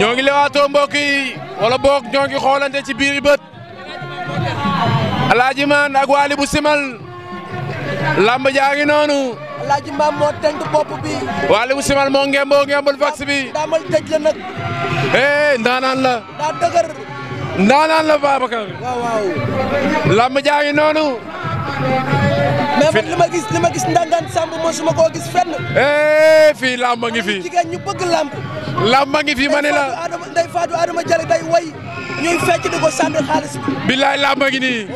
ñoo ngi lewaatoo wala boog ñoo xoolante ci biir bët Alaaji Maan ak Waly Simal lamb jaa ngi noonu. Alaaji bi. Waly bu Simal moo ngemboo ngembul vax bi. la nag. la. daa dëgër. lamb jaa noonu. mais man li ma gis li ma gis Ndangane Samb mosuma koo gis fenn. Eh, fii làmb ngi fi jigéen ñu bëgg làmb. làmb ngi fi ma ne la Ndeye Fatou Adama Diallo day way ñuy fecc di ko sànni xaalis billaay làmb ngi nii.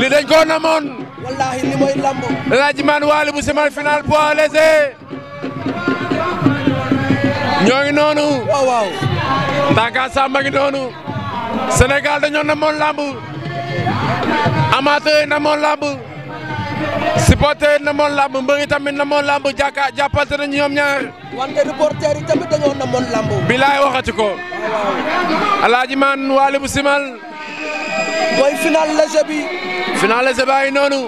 li dañ koo namoon. wallaahi li mooy làmb. laaj man waale bu semal final poids léger. ñoo ngi noonu. waaw waaw. ngi noonu. Sénégal dañoo namoon làmb. amateur yi na moon làmb supporter yi na moon làmb mbër yi tamit na moon làmb jàkka jàppante nañu ñoom ñaar. wante reporter yi tamit dañoo na moon làmb. bilaay waxati ko. alaaji maan waali bu simal. mooy final léger bi. final léger baa ngi noonu.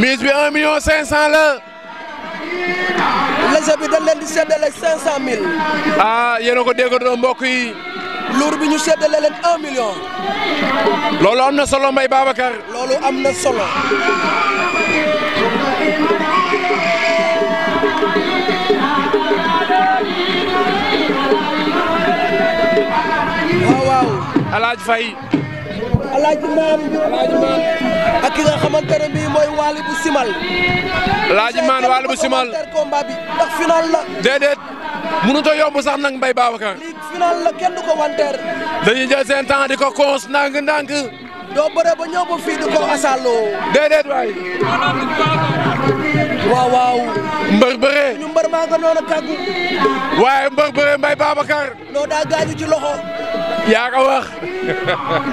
mise bi un la. léger bi leen di séddale cinq cent mille. ah yéen a ko déggoo mbokk yi. bi ñu séddale leen un million. loolu am na solo Mbaye Babacar. loolu am na solo. waaw waaw. Alaaj Faye. Alaaj Maam. Alaaj Maam. ak ki nga xamante ne bii mooy Waly bu Simal. Alaaj Maam Waly bu Simal. combat bi ndax final la. déedéet mënut a yomb sax nag Mbaye Babacar. final la kenn du ko wanteer. dañuy jël seen temps di ko cons ndànk-ndànk. doo bëre ba ñëw ba fii di ko asaaloo. déedéet waay. waaw waaw. mbër bëre. maa nga noonu kàggu. waaye mbër bëre Mbaye Babacar. noo daa gaañu ci loxo. yaa ko wax.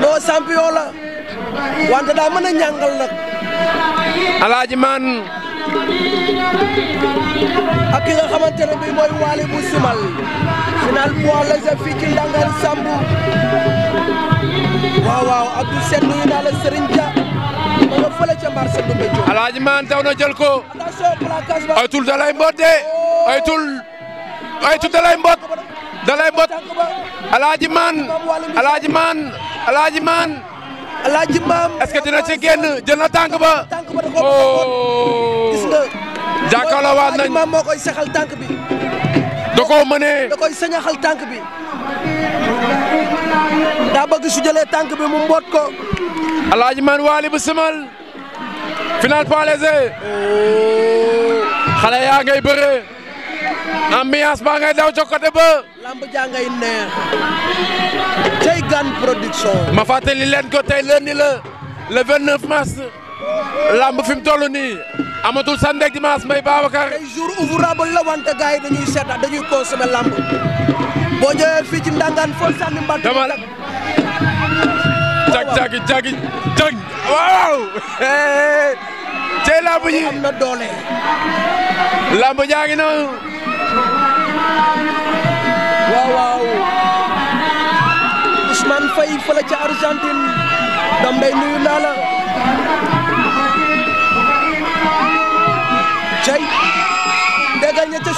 noo champion la. wante daa mën a ñàngal nag. alaaji man. ak ki nga xamante ne mooy Waly bu Simal final poids léger fii ci Ndangaan Samb waaw waaw Abdou Sène nuyu naa la Serigne Dia ma nga ca marché du Béthio. alaaji man taw na jël ko. attention plaquage ba. ay tul da mbot de. ay tul ay tul da lay mbot. da lay mbot alaaji man alaaji man alaaji man. alaaji maam est dina ci génn na tànk ba. ñëwaat nañ Alimaam moo koy saxal tànk bi. da koo da koy jëlee tànk bi mu ko. Alaaji baa ngay daw ca côté production ma fàttali leen ko tey lundi la le 29 lamb fi mu toll nii amatul sandeg dimanche mbay Babacar. tey jour ouvrable la wante gars yi dañuy seeta dañuy consommer lamb boo ñëwee fii ci Ndangaan foofu sànni mbaat. dama la jag jag waaw. tey lamb yi am jaa ngi noonu. waaw waaw. Ousmane Faye fële ca Argentine. dam nuyu naa la.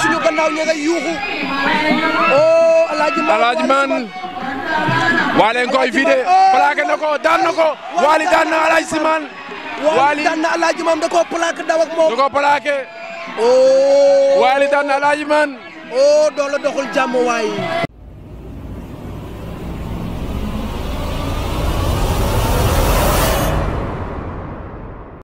suñu gannaaw waale nga oh, koy vidé oh. na ko daan na ko waali daan na alaaji si man oh. daan na alaaji man da koo plaqué daw moom da koo plaqué oh waali daan na alaaji man oh doo la doxul waay